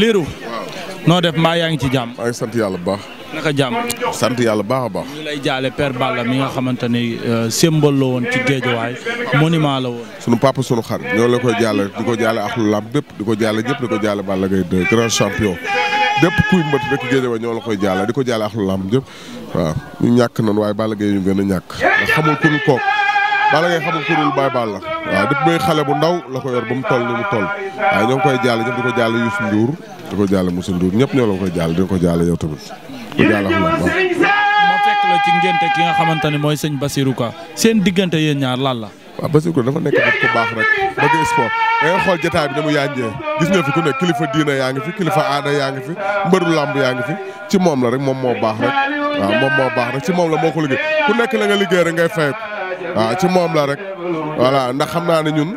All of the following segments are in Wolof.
liiru noo def maa yaa ngi ci jàmm. waaye sant yàlla bu baax. naka jàmm. sant yàlla baax a baax. ñu jaale Père Balla mi nga xamante ni euh, symbole la woon ci géejuwaay monument la woon. sunu papa sunu xar ñoo la koy jaale di ko jaale ak lu lamb bépp di ko jaale ñëpp di ko jaale Balla Gaye 2 grand champion. bépp kuy mbët rek géejuwaay ñoo la koy jaale di ko jaale ak lu lamb bépp waaw ñu ñàkk nañ waaye Balla Gaye ñu gën ñàkk ndax xamul ku ñu Balla Gaye xamul kuréel Baye Balla la waaw depuis muy xale bu ndaw la ko yor ba mu toll ni mu toll waaye ñoo ngi koy jàll ñëpp di ko jàll Youssou Ndour di ko jàll Moussa Ndour ñëpp ñoo la koy jàll di ko jàll yow tamit ko jàll xam nga ma fekk la ci ngénte ki nga xamante ne mooy sëñ Basirou Ka seen diggante yéen ñaar lan la waaw Basirou Ka dafa nekk nit ku baax rek bëgg sport da ngay xool jotaay bi ne mu yànjee gis nga fi ku ne kilifa diina yaa ngi fi kilifa aada yaa ngi fi mbëru làmb yaa ngi fi ci moom la rek moom moo baax rek waaw moom moo baax rek ci moom la moo ko liggéey ku nekk la nga liggéey rek ngay fay waaw ah, ci moom la rek voilà ndax xam naa ne ñun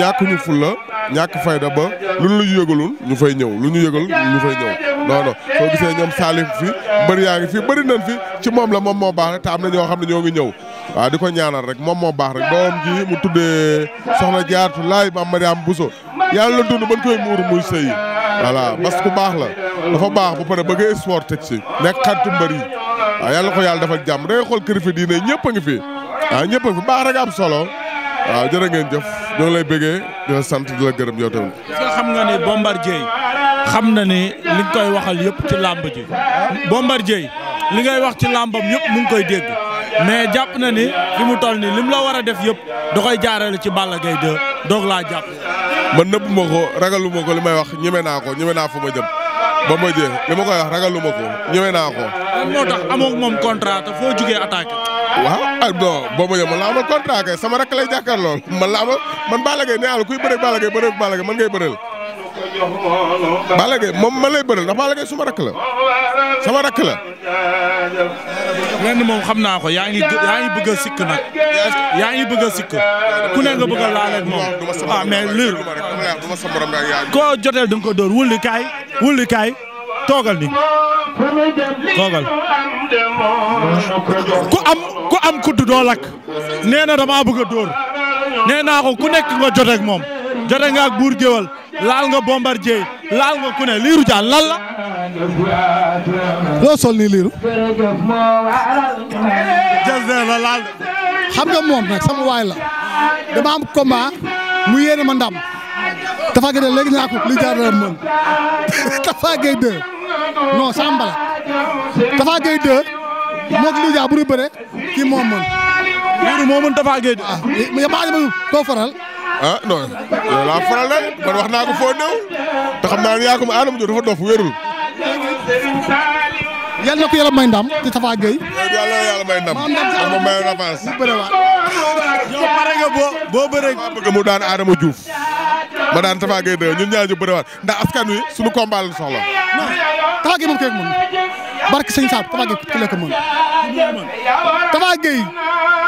ñàkk ñu la ñàkk fayda ba lu ñu yëgalul ñu fay ñëw lu ñu yëgal ñu fay ñëw non non soo gisee ñoom Salif fi bëri yaa ngi fi bëri nañ fi ci moom la moom moo baax rek te am na ñoo xam ne ñoo ngi ñëw waaw di ko ñaanal rek moom moo baax rek doom ji mu tuddee soxna jaartu laay maam Mariam Bousso yàlla la dund bañ koy muur muy sëy voilà parce que baax la dafa baax bu pare bëgg sport teg si nekk xaritu mbër yi waaw yàlla ko yàlla defal jàmm dangay xool kër fi diine ñëpp waaw ah, ñëpp fi baax rek am solo waaw ah, jërë ngeen jëf ñoo lay bëggee di sant di la gërëm yow tamit. est-ce que xam nga ne Bombardier xam na ni li nga koy waxal yëpp ci làmb ji. Bombardier li ngay wax ci làmbam yëpp mu ngi koy dégg mais jàpp na ni li mu toll nii lim la war a def yëpp da koy jaarale ci Balla Gaye 2 doog laa jàpp. man nëbbu ma ko ragalu ko li may wax ñeme naa ko ñeme naa fu ma jëm. Bombardier li ma koy wax ragalu ma ko ñëwee naa ko. lan moo tax amoo moom contrat te foo jugee attaqué. waaw ah bon Bombardier man laa amal contrat kay sama rakk lay jàkkaarlool man laa amal man Balla Gaye nee naa la kuy bëreeg Balla Gaye bëreeg Balla Gaye man ngay bëreel. Balla Gaye moom man lay bëreel ndax Balla Gaye suma la sama rakk la. lenn moom xam naa ko yaa ngi yaa ngi bëgg sikk nag. yaa ngi bëgg a sikk. ku ne nga bëgg a laaleeg moom. ah mais joteel da nga ko dóor kaay. wulli kaay toogal ni toogal ku am ku doo lakk nee na dama bëgg a dóor nee naa ko ku nekk nga joteeg moom jote nga ak buur géwal laal nga bombardier laal nga ku liiru jaan la la laal xam nga moom nag sama waay la dama am mu yéene ma ndam Tapha Gueye de léegi naa ko li jaar na mën Tapha Gueye 2 non Sambala Tapha Gueye 2 moog moo mën. Lirou moo mën Tapha Gueye ah, koo faral. ah non yow laa faral de man wax naa ko foo néew te xam naa ne yaa ko ma Adama Diop dafa dof wérul. yàlla na ko yàlla may ndam ci Tapha Gueye. yàlla na boo boo bëgg mu daan Adama Diouf. ma daan Tapha Gueye dëgg ñun ñaar ñu bëriwaat ndax askan wi suñu combat lañ soxla. non Tapha Gueye moom kay mën barke sëñ Saal ku la ko mën.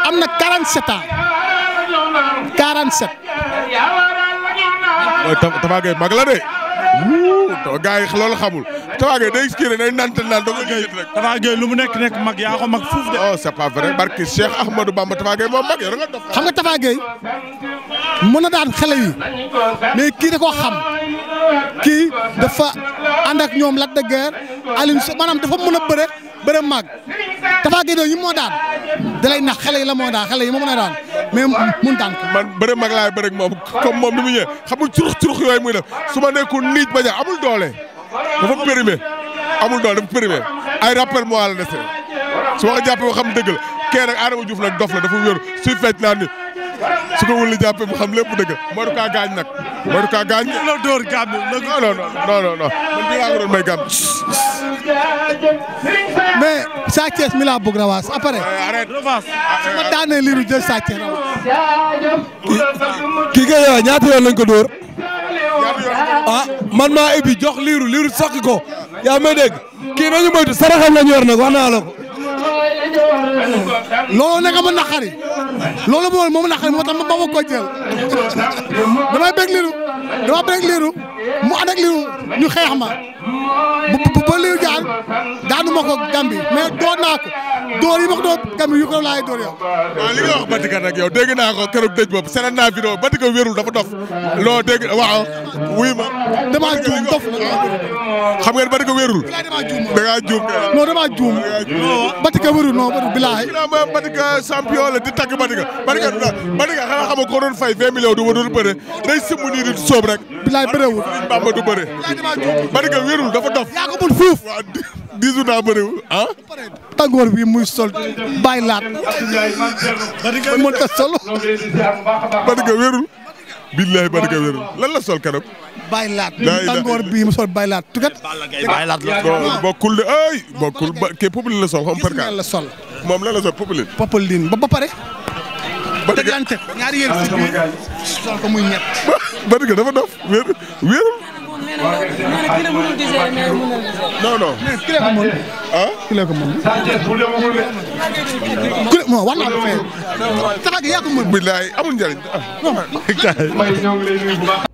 am na 47 ans 47. mooy Tapha mag la de. wuu gars yi xamul. Tapha Gueye day kii rek day nante naan lu mu nekk nekk mag yaa ko mag fuuf de. oh c'est pas vrai barke Cheikh Ahmadou Bamba Tapha Gueye moom mag yor nga xam nga Tapha mën a daan xale yi mais kii da koo xam kii dafa ànd ak ñoom la de Guiers Alioune Seye maanaam dafa mun a bëre bëre màgg Tapha Gueye yi moo daan dalay nax xale yi la moo daan xale yi ma mën a daan mais mun daan ko. man bëre mag laay bëre ak moom comme moom ni mu ñëwee xamul curux curux yooyu muy def su ma nekku niij ba ja amul doole dafa périmé amul doole dafa périmé ay rappel moo la dese su ma ko jàppee xam dëgg la kee nag Adama Diouf nag dof la dafa wér suy fecc naa ni su ko wëlee jàppee mu xam lépp dëgg Modou Ka gaañ nag Modou Ka gaañ. la door mi laa bëgg rawaas après. Eh, arrête rawaas. Ah, su eh, ma daanee liiru jël Sa Thiès rawaas. kii kii ñaata yoon lañ ko dóor. ah man maa ubbi jox liiru liiru sokki ko yaa may dégg kii nañu moytu saraxam la ñu yor nag wax naa la loolu nag ma naqari loolu moom na naqari moo tax ba ma ko jël damay bëgg liiru dama bëgg liiru mu ànd ak ñu xeex ma bu ba liiru jaan daanu ma gambi mais door naa ko door yi ma ko door gambi yu ko laay door yow waaw li nga Batika nag yow dégg naa ko keroog dëj boobu seetaan naa vidéo na Batika wérul damaa juum dangaa juum non Batika wérul non bilaay Batika champion la di tagg Batika Batika Batika xanaa xam nga ko doon fay 20 du wadul bëre day simb nii di soob rek bilaay bërewul Sëriñ Bamba du bëre. bari nga wérul dafa dof. yaa ko mën fuuf. diisu naa bëriwul ah. tàngoor bi muy sol bàyyi laat. mën ta sol. bari nga wérul. billahi bari la sol kanam. bàyyi laat tàngoor mu sol bàyyi laat tukat. bàyyi laat la bokkul de ay bokkul ba kii la sol. xam perka moom lan la sol popeline. popeline ba ba pare. ba teglante ñaari yéen si biir ah, sol ko muy ñett. ba ba dafa dof wér wérul. non non. ki la ko mën. ah ki la yaa ko mën.